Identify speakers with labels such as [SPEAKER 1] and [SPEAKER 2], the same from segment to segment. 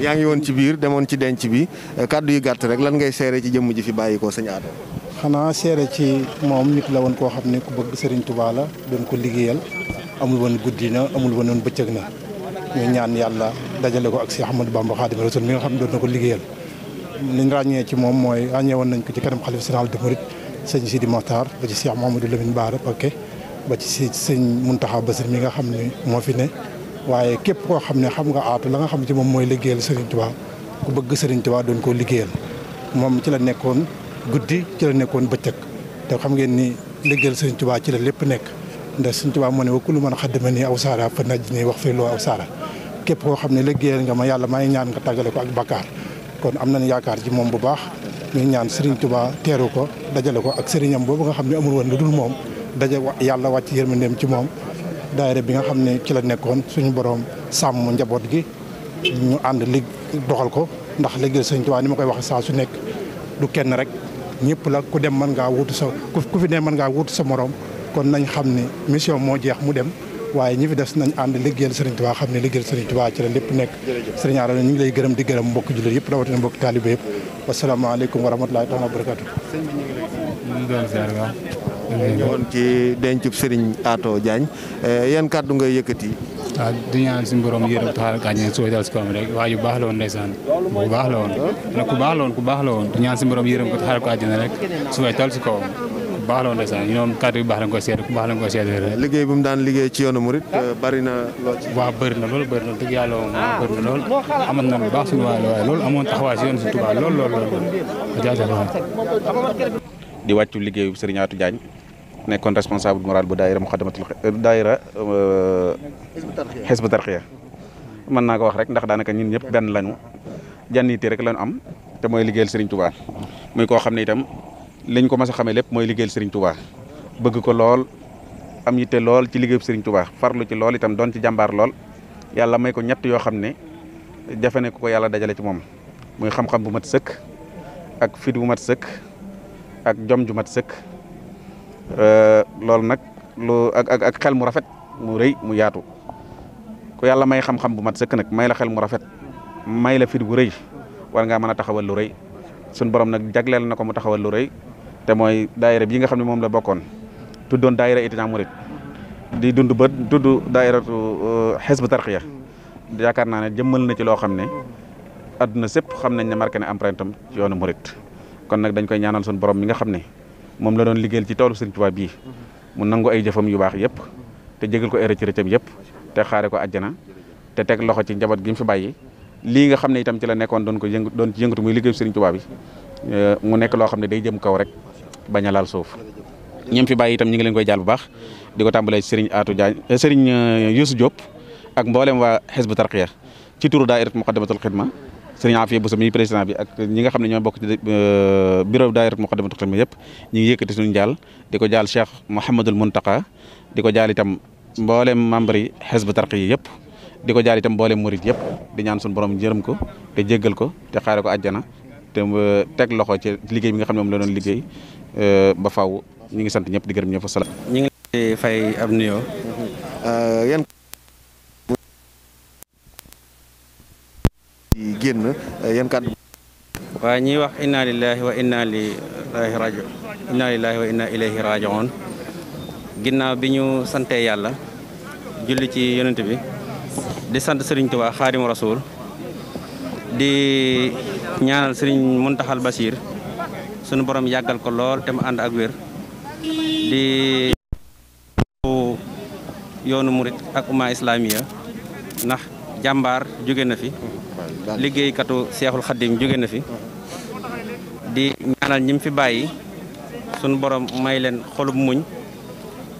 [SPEAKER 1] yaa ngi woon ci
[SPEAKER 2] biir demoon ci denc bi kàddu yu gàtt rek lan ngay seere ci jëmm ji fi bàyyi ko sëñ
[SPEAKER 1] xanaa seere ci moom nit la woon koo xam ne ku bëgg sëriñ Touba la doon ko liggéeyal amul woon guddi na amul woon bëccëg na ñu ñaan yàlla dajale ko ak Cheikh Ahmadou Bamba Khadimou Rassoul mi nga xam ne doon na ko liggéeyal. li ñu ràññee ci moom mooy ràññee woon nañ ko ci kanam xalif général des mourides sëñ Sidi Mokhtar ba ci Cheikh Mouhamadou Lamine Bara Paké ba ci sëñ Mountakha Bassir mi nga xam ne moo fi ne waaye képp koo xam ne xam nga aatu la nga xam ci moom mooy liggéeyal Serigne Touba ku bëgg Serigne Touba doon koo liggéeyal moom ci la nekkoon guddi ci la nekkoon bëccëg te xam ngeen ni liggéeyal Serigne Touba ci la lépp nekk ndax Serigne Touba moo ne wa kullu man xaddama nii aw saara fa naj nii wax fi loo aw saara képp koo xam ne liggéeyal nga ma yàlla maa ngi ñaan nga tàggale ko ak bakkaar kon am nañu yaakaar ci moom bu baax ñu ñaan Serigne tubaa teeru ko dajale ko ak sëriñam boobu nga xam ne amul woon lu dul moom daje yàlla wàcc yërmandeem ci moom daayira bi nga xam ne ci la nekkoon suñu borom sàmm njaboot gi ñu ànd lig doxal ko ndax liggéey sëñ waa ni ma koy wax saa su nekk du kenn rek ñëpp la ku dem man ngaa wuutu sa ku fi ne mën ngaa wuutu sa morom kon nañ xam ne mission moo jeex mu dem waaye ñi fi des nañ ànd liggéeyal Serigne Touba xam ne liggéeyal Serigne Touba ci la lépp nekk Serigne Arona ñu ngi lay gërëm di gërëm mbokk jullit yëpp rawatina mbokk taalibe yëpp wasalaamaaleykum wa rahmatulahi taala wa barakatu
[SPEAKER 2] ñëwoon ci dencub Serigne Ato Diagne eh, yan kàddu
[SPEAKER 1] ngay yëkkati waaw ah, di ñaan si borom yërëm taxaar gaañe suuf dal si kawam rek waaye baax la woon ndeysaan la woon ku baax la woon ku baax la woon di ñaan suñu borom yërëm ko taxaar ko àjjana rek suuf dal si kawam baax la ndeysaan ñoom yu baax lañ ko baax lañ ko
[SPEAKER 2] liggéey bu mu daan liggéey ci yoonu murit ah. euh, bari na na lool na dëgg yàlla ah, na lool
[SPEAKER 3] na baax
[SPEAKER 4] suñu Serigne Atou Diagne nekkoon responsable moral bu daayira muxaddamatul euh, daayira xisbu euh, tarxiya mën naa ko wax rek ndax daanaka ñun ñëpp benn lañu jànniti rek lañu am te mooy liggéeyal Serigne Touba muy koo xam itam lañ ko mas xamé xamee lépp mooy liggéeyal Serigne Touba bëgg ko lool am yité lool ci liggéey Serigne Touba farlu ci lool itam don ci jambar lool yalla may ko ñett yo xamné ne ko ne ko yalla dajalé ci mom muy xam-xam bu mat sëkk ak fit bu mat sëkk ak jom ju mat sëkk lool nak lu ak ak ak xel mu rafet mu reuy mu yaatu ko yalla may xam-xam bu mat sëkk nak may la xel mu rafet may la fit bu reuy war nga mëna taxawal lu reuy sun borom nak jagleel na mu taxawal lu reuy te mooy daayira bi nga xam ne moom la bokkoon tuddoon daayira étudiant murid di dund ba tudd daayiratu xisbu euh, tarqiya yaakaar naa ne jëmmal na ci loo xam ne adduna sëpp xam nañ ne marqué ne empreinte am yoonu murid kon nag dañ koy ñaanal suñu borom mi nga xam ne moom la doon liggéeyal ci toolu Sëriñ bii mu nangu ay jëfam yu baax yëpp te jégal ko erreur ci rëccam yëpp te xaare ko àjjana te teg loxo ci njaboot gi mu fi bàyyi lii nga xam ne itam ci la nekkoon doon ko yëngu doon ci yëngatu muy liggéeyu Sëriñ Tuubaa euh, mu nekk loo xam ne day jëm kaw rek bañ a suuf ñam fi bàyyi itam ñi ngi leen koy jaal bu baax di tambalé Serigne Atou Diagne eh, Serigne eh, yousou Diop ak mboolem wa Hizbut tarqiya ci turu daayirat Muqaddamatul khidma Serigne Afia bu sami president bi ak ñi nga xamne ne ñoo bokk ci eh, bureau daayirat Muqaddamatul khidma yépp ñi ngi yëkëti suñu jaal di ko jaal Cheikh mohammedul Muntaqa di ko jaal itam mboolem membre yi tarqiya yépp diko di ko itam mboolem murid yépp di ñaan suñu borom jërëm ko te jéggal ko te xaaré ko aljana te euh, teg loxo ci liggéey bi nga xam ne moom la doon liggéey euh, ba faw ñu ngi sant ñëpp di gërëm ñëpp salaam.
[SPEAKER 5] ñu ngi lay fay ab nuyoo. Euh, yan. ñuy wax inna lillahi wa inna ilayhi rajo inna ginnaaw bi ñu sante yàlla julli ci yonent bi di sant Sëriñ Tuubaa Xaadimu Rasuul di. ñaanal serigne muntahal basir, sunu borom yagal ko lol te and ak wér di yoonu murid ak umma islamiya nah jambar jóge na fi liggéeykatu cheikhul khadim jóge na fi di ñaanal ñim fi bayyi sunu borom may len xolum muñ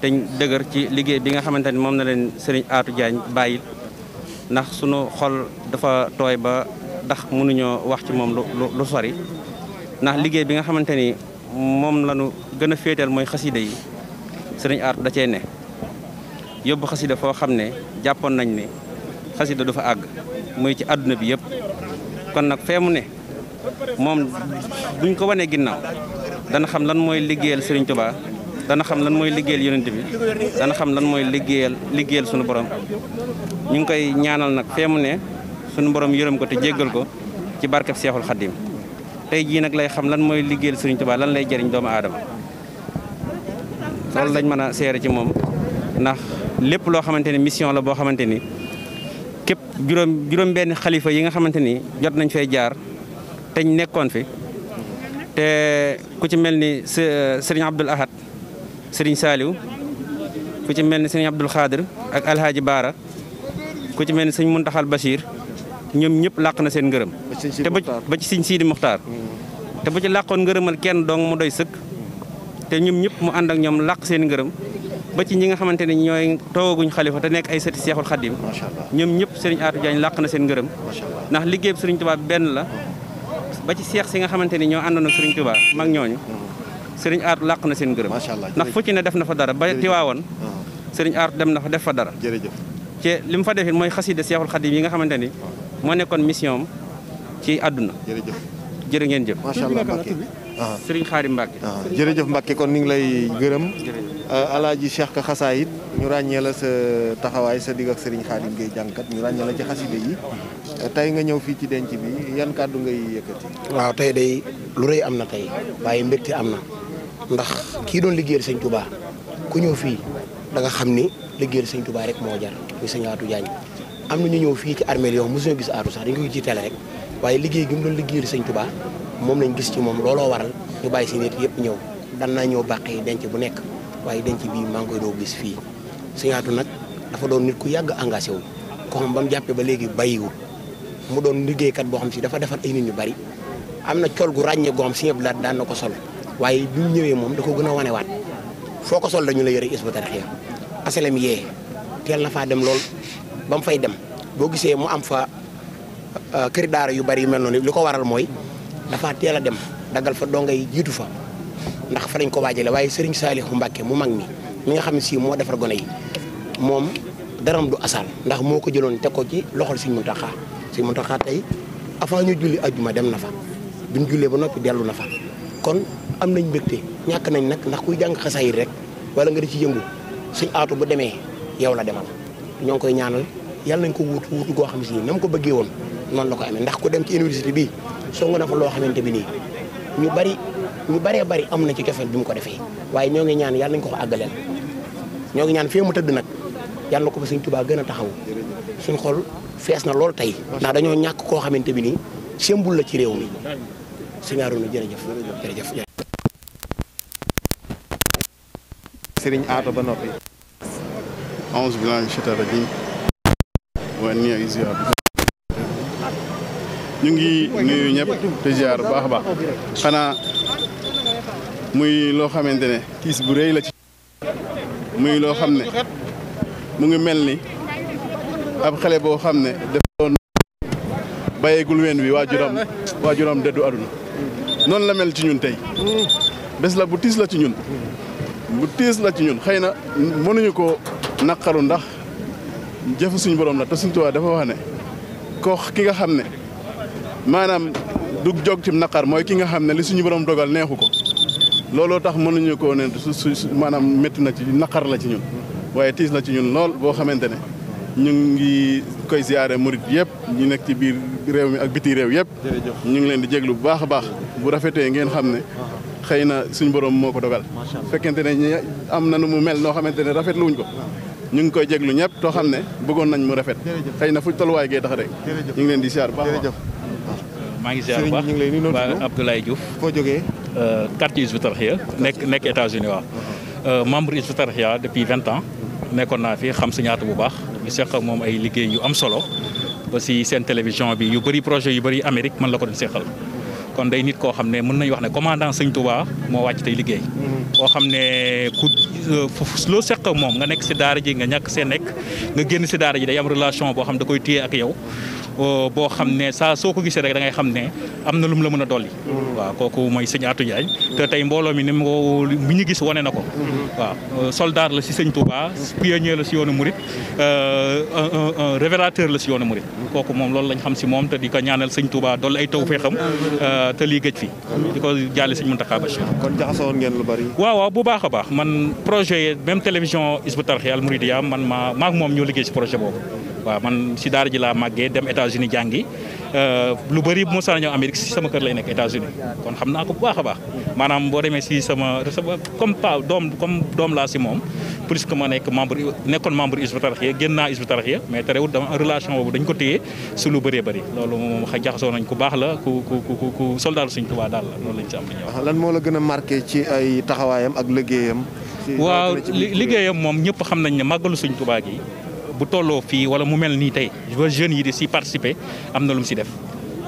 [SPEAKER 5] te deugar ci liggey bi nga xamanteni mom na len serigne atou diagne bàyyil nah sunu xol dafa toy ba ndax mënuñoo wax ci moom lu sori ndax liggéey bi nga xamante ni moom la ñu gën a féetal mooy xasida yi sëriñ Aatu da cee ne yóbbu xasida foo xam ne jàppoon nañ ne xasida du fa àgg muy ci àdduna bi yëpp kon nag fee mu ne moom buñ ko wanee ginnaaw dana xam lan mooy liggéeyal sëriñ Tuubaa dana xam lan mooy liggéeyal yonent bi dana xam lan mooy liggéeyal liggéeyal sunu borom ñu ngi koy ñaanal nag fee ne sunu borom yërëm ko te jéggal ko ci barkeb cheikhul khadim tay ji nak lay xam lan moy liggéel serigne touba lan lay jëriñ doom adam lol lañ mëna séré ci mom ndax lepp lo xamanteni mission la bo xamanteni kep juroom juroom ben khalifa yi nga xamanteni jot nañ fay jaar tañ nekkon fi té ku ci melni serigne eh, Abdul Ahad sëriñ Salu, ku ci melni ni Abdul Khadir, ak alhaji bara ku ci melni ni muntakhal bashir ñoom ñëpp làq na seen ngërëm te ba ci sëñ Sidi Muxtaar mm. te bu ci làqoon ngërëmal kenn dong mu doy sëkk te ñoom ñëpp mu ànd ak ñoom làq seen ngërëm ba ci ñi nga xamante ne ñooy toogaguñ xalifa te nekk ay sëti Seexul Xadim ñoom ñëpp sëriñ Atou Diagne làq seen ngërëm ndax liggéey sëriñ Tuubaa benn la ba ci seex si nga xamante ne ñoo àndoon ak sëriñ Tuubaa mag ñooñu mm. sëriñ Atou làq na seen ngërëm ndax fu ci ne def na fa dara ba tiwaawoon uh-huh. sëriñ Atou dem na fa def fa dara jërëjëf te li mu fa defee mooy xasida Seexul Xadim yi nga xamante ni uh-huh. mo nekkon mission ci aduna jërëjëf jërë ngeen jëf. macha Mbacke Serigne khari ah. Mbacke. Ah. jërëjëf
[SPEAKER 2] Mbacke kon ni ngi lay gërëm. Ah, alaaji Cheikh Ka ñu ràññee la sa taxaway sa dig ak Serigne Khadim ngey jankat ñu ràññee la ci xaside yi tay nga ñew fi ci denc bi yan
[SPEAKER 3] kaddu ngay yëkëti waaw tay day lu rëy amna tay tey waaye amna ndax ki doon liggéey serigne Touba ku ñew fi da nga xamni liggéey serigne Touba rek mo jar muy serigne Atou Diagne am na ñu ñëw fii ci armée yoo mosuñu gis aatu sax dañ koy jiitale rek waaye liggéey gi mu doon liggéeyal sëñ Touba moom lañ gis ci moom looloo waral ñu bàyyi seen nit yëpp ñëw dan naa ñëw bàq yi denc bu nekk waaye denc bii maa ngi koy doo gis fii sëñ nag dafa doon nit ku yàgg engagé wu ko xam jàppee ba léegi bàyyiwul mu doon liggéeykat boo xam si dafa defar ay nit ñu bari am na col gu ràññee goo xam si ñëpp daan na ko sol waaye bi mu ñëwee moom da ko gën a wanewaat foo ko sol dañu la yore is bu tarixee asalem yee teel na faa dem lool ba fay dem boo gisee mu am fa euh, kër daara yu bari yu mel noonu li ko waral mooy dafa teel a dem daggal fa dongay jiitu fa ndax fa lañ ko waajale waaye Serigne Saliou Mbacke mu mag mi mi nga xam ne si moo defar gone yi moom daram du asal ndax moo ko jëloon teg ko ci loxol Serigne Mountakha Serigne Mountakha tey avant ñu julli ajjuma dem na fa buñ jullee ba noppi dellu na fa kon am nañ mbégte ñàkk nañ nag ndax kuy jàng xasaayid rek wala nga di ci yëngu suñ aatu bu demee yow la demal ñoo ngi koy ñaanal yàlla nañ ko wuutu wuutu koo xam ne si ni na mu ko bëggee woon noonu la ko amee ndax ku dem ci université bi soo na fa loo xamante bi nii ñu bari ñu baree bari am na ci cofeel bi mu ko defee waaye ñoo ngi ñaan yàlla nañ ko ko àggaleel ñoo ngi ñaan fii mu tëdd nag yàlla na ko fa suñ Tuubaa gën a taxaw suñ xol fees na loolu tey ndax dañoo ñàkk koo xamante bi nii sembul la ci réew mi sëñ Arouna jërëjëf jërëjëf a Aata ba noppi. auzu billaahi mina shaytaani
[SPEAKER 6] rajiim wa ni ñu ngi nuyu ñëpp te ziar bu baax a baax xanaa muy loo xamante ne kiis bu rëy la ci muy loo xam ne mu ngi mel ni ab xale boo xam ne def doon bàyyeegul ween wi waajuram waajuram dëddu aduna noonu la mel ci ñun tey bés la bu tiis la ci ñun bu tiis la ci ñun xëy na mënuñu ko naqaru ndax jëfu suñ borom la te suñu Tuubaa dafa wax ne ko ki nga xam ne maanaam du jóg ci naqar mooy ki nga xam ne li suñu borom dogal neexu ko looloo tax mënuñu koo ne su su maanaam métti na ci naqar la ci ñun waaye tiis la ci ñun lool boo xamante ne ñu ngi koy ziare murit yëpp ñu nekk ci biir réew mi ak biti réew yëpp. ñu ngi leen di jéglu bu baax a baax bu rafetee ngeen xam ne. xëy na suñ borom moo ko dogal. fekkente ne ñi am na nu mu mel noo xamante ne rafet wuñ ko. ñu ngi koy jéglu ñëpp too xam ne bëggoon nañ mu rafet xëy na fu tolluwaay gee tax rek ñu ngi leen di siyaar bu baax
[SPEAKER 7] maa ngi siyaar bu baax waa Abdoulaye Diouf foo jógee euh, quartier Hizbut Tarqiyyah nekk nekk États-Unis waaw euh, membre Hizbut Tarqiyyah depuis vingt ans nekkoon naa fi xam si ñaata bu baax ñu seq ak moom ay liggéey yu am solo ba si seen télévision bi yu bari projet yu bari Amérique man la ko doon seexal kon day nit koo xam ne mën nañ wax ne commandant Sëñ Touba moo wàcc tey liggéey. Mhm. koo xam ne ku euh, loo seq moom nga nekk si daara ji nga ñàkk see nekk nga génn si daara ji day am relation boo xam da koy téye ak yow. boo xam ne saa soo ko gisee rek da ngay xam ne am na lu la mën a dolli. Mm-hmm. waaw kooku mooy sëñ Atou Ndiaye te tey mbooloo mi ni mu ko mi ñu gis wane na ko. Mm-hmm. waaw soldat la si sëñ Touba pionnier la si yoonu Mouride euh, révélateur la si yoonu Mouride kooku moom loolu lañ xam si moom te di ko ñaanal sëñ Touba dolli ay taw fee xam mm-hmm. euh, te lii gëj fi. di ko jaale sëñ Mountakha Bachir. kon jaxasoo woon lu bari. waaw waaw bu baax a baax man projet même télévision Hizbut Tarqiyyah Al Mouridiyyah man maa maak moom ñoo liggéey si projet waaw man si daara ji laa màggee dem États-Unis jàngi euh, lu bëri bu ma saan ñëw Amérique si sama kër lay nekk États-Unis kon xam naa ko bu baax a baax maanaam boo demee si sama sama comme pa doom comme doom laa si moom plus que ma nekk membre nekkoon membre Hizbut Tarqiyyah génn naa Hizbut mais terewul dama relation boobu dañ ko téye su lu bëree bëri loolu moom xa jaxasoo nañ ku baax la ku ku ku ku soldat suñ Tuubaa daal la loolu lañ si am
[SPEAKER 2] wax lan moo la gën a marqué ci ay taxawaayam ak liggéeyam waaw liggéeyam
[SPEAKER 7] moom ñëpp xam nañ ne màggalu suñ Tuubaa gi bu tolloo fii wala mu mel nii tey ba jeunes yi di si participer am na lu mu si def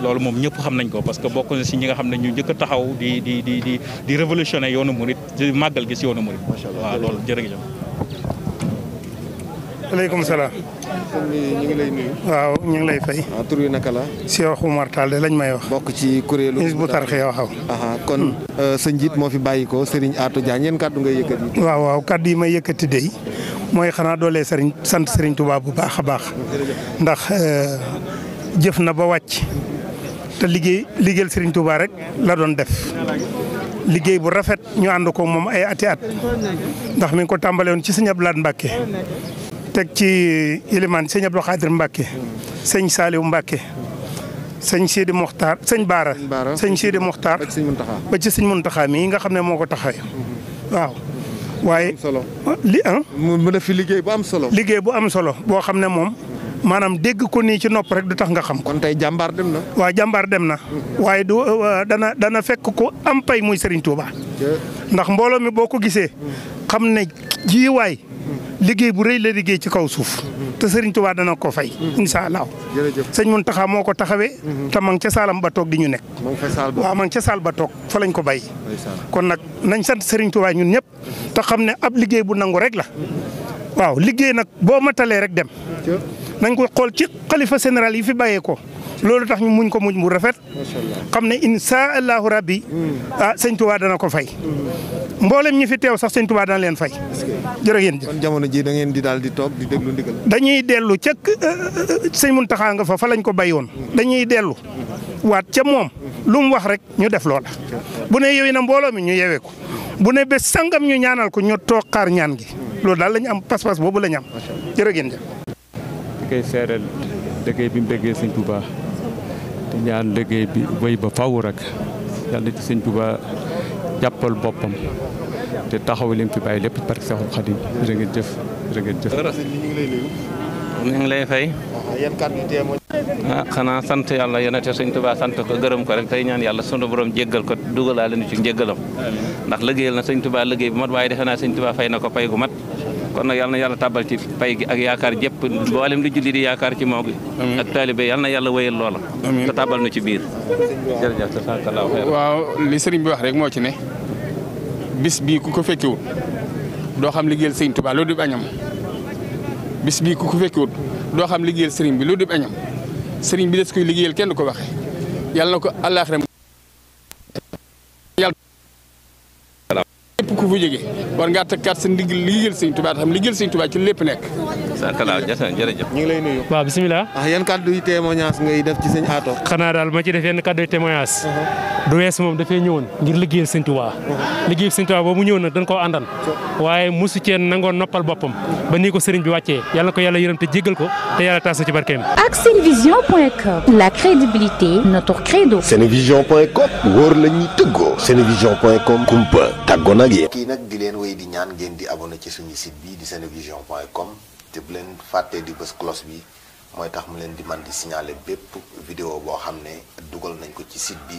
[SPEAKER 7] loolu moom ñëpp xam nañ ko parce que bokk na si ñi nga xam ne ñu njëkk a taxaw di di di di di révolutionner yoonu murit di màggal gi si yoonu murit waaw loolu jërëjëf
[SPEAKER 8] aleykum salaam
[SPEAKER 2] sëñ bi ñu ngi lay nuyu waaw ñu ngi lay fay ah, tur wi naka la Cheikh Oumar Tall de lañ may wax bokk ci kuréelu Hizbut Tarqiyyah waxaw aha kon hmm. euh, sa njiit moo fi bàyyi ko Serigne Atou Diagne yéen kàddu ngay yëkkati
[SPEAKER 8] waaw waaw kàddu yi may yëkkati dey moy xana dole serigne sante serigne Touba bu baakha bax ndax euh jëf na ba wacc te liggey liggel serigne Touba rek la doon def liggey bu rafet ñu and ko mom ay ati at ndax mi ngi ko tambale won ci serigne abdoulaye Lahad Mbacke teg ci ilimaan serigne Abdou Khadir Mbacke serigne Saliou Mbacke serigne Sidi Mokhtar serigne bara serigne Sidi Mokhtar ba ci serigne Muntaxa mi nga xamne ne taxay mhm. waaw waaye li ah. mu def fi liggéey bu am solo. liggéey bu am solo boo xam ne moom. maanaam dégg ko nii ci nopp rek du tax nga xam kon tey jàmbaar dem na. waaw jàmbaar dem na. waaye du euh, euh, dana fekk ko am pay muy Serigne Touba. ndax mbooloo mi boo ko gisee. xam ne jiwaay. Mm. liggéey bu rëy la liggéey ci kaw suuf. te Serigne Touba dana ko fay. Mhm. incha allah jërëjëf sëñ Mountakha moo ko taxawee. Mhm. te ma ngi ca Saalam ba toog di ñu nekk. ma ngi ca Saal ba waaw ma ngi ca Saal ba toog fa lañ ko bay. kon nag nañ sant Serigne Touba ñun ñëpp. te xam ne ab liggéey bu nangu rek la. Mhm. waaw liggéey nag boo matalee rek dem. nañ ko xool ci xalifa général yi fi bàyyee ko lolu tax ñu muñ ko muñ bu rafet xamne insa allah rabbi hmm. ah sëñ Touba dana ko fay hmm. mboolem ñi fi tew sax seigne Touba dana len fay jere ngeen
[SPEAKER 2] kon jamono ji da ngeen di dal di toog di deglu ndigal dañuy dellu ca eh, eh,
[SPEAKER 8] eh, sëñ Muntaxa nga fa fa lañ ko bayoon hmm. dañuy delu wat ci mom lu mu wax rek ñu def loola bu ne yow na mbooloo mi ñu yewé ko bu ne be sangam ñu ñaanal ko ñu tok xaar ñaan gi loolu dal lañ am pass pass bobu lañ am jere ngeen jëf
[SPEAKER 7] kay koy seeral da koy bi mu seigne Touba ñaan liggéey bi wéy ba faw rek yàlla na ci sëñ Tuubaa jàppal boppam
[SPEAKER 5] te taxaw li fi bàyyi lépp parce que Seexul Xadim jërë ngeen jëf jërë ngeen jëf. ñu ngi lay fay. ah xanaa sant yàlla yonente sëñ Tuubaa sant ko gërëm ko rek tey ñaan yàlla sunu borom jéggal ko dugalaale nu ci njéggalam ndax liggéeyal na sëñ Tuubaa liggéey bu mat waaye defe naa sëñ Tuubaa fay na ko pay gu mat. kon nag yal na yàlla taabal ci pay gi ak yaakaar jëpp mboolem li julli di yaakaar ci moo gi ak taalibe yal na yàlla wéyal loola ta tàbbal na ci biir
[SPEAKER 6] jërëjëf sasakallaahu xeyr waaw li sëriñ bi wax rek moo ci ne bis bii ku ko fekkiwul doo xam liggéeyal sëriñ Tuubaa loolu di añam bis bii ku ko fekkiwul doo xam liggéeyal sëriñ bi lu di añam sëriñ bi des koy liggéeyal kenn du ko waxe yàlla na ko àllaaxira ku fu jóge i
[SPEAKER 2] ngaa takkaat sa ndigg liggéeyal sëñ Tuubaa xam liggéeyal sëñ Tuubaa ci lépp nekk
[SPEAKER 5] salaamaaleykum sa
[SPEAKER 2] jërëjëf. ñu ngi lay nuyu. ah yan kaddu yu témoignage ngay def ci sëñ Ato. xanaa daal ma ci def yenn kaddu
[SPEAKER 7] yu uh-huh. témoignage. du wees moom dafay ñëwoon ngir liggéeyal sëñ Tuubaa. Uh-huh. liggéeyal sëñ Tuubaa boobu mu ñëw nag dañ koo àndan. waaye mosu cee nangoo noppal boppam. ba nii ko sëriñ bi wàccee yàlla ko yàlla yërëm te jéggal ko te yàlla taas ci barkeem.
[SPEAKER 1] ak la crédibilité notre credo.
[SPEAKER 2] senevision.com wóor la ñuy tëggoo. senevision.com kumpa tàggoo nag yéen. kii nag di leen wéy di ñaan ngeen di abonné ci suñu site bi di senevision.com te bu leen fàttee di bës cloche bi mooy tax mu leen di man di signaler bépp vidéo boo xam ne dugal nañ ko ci site bi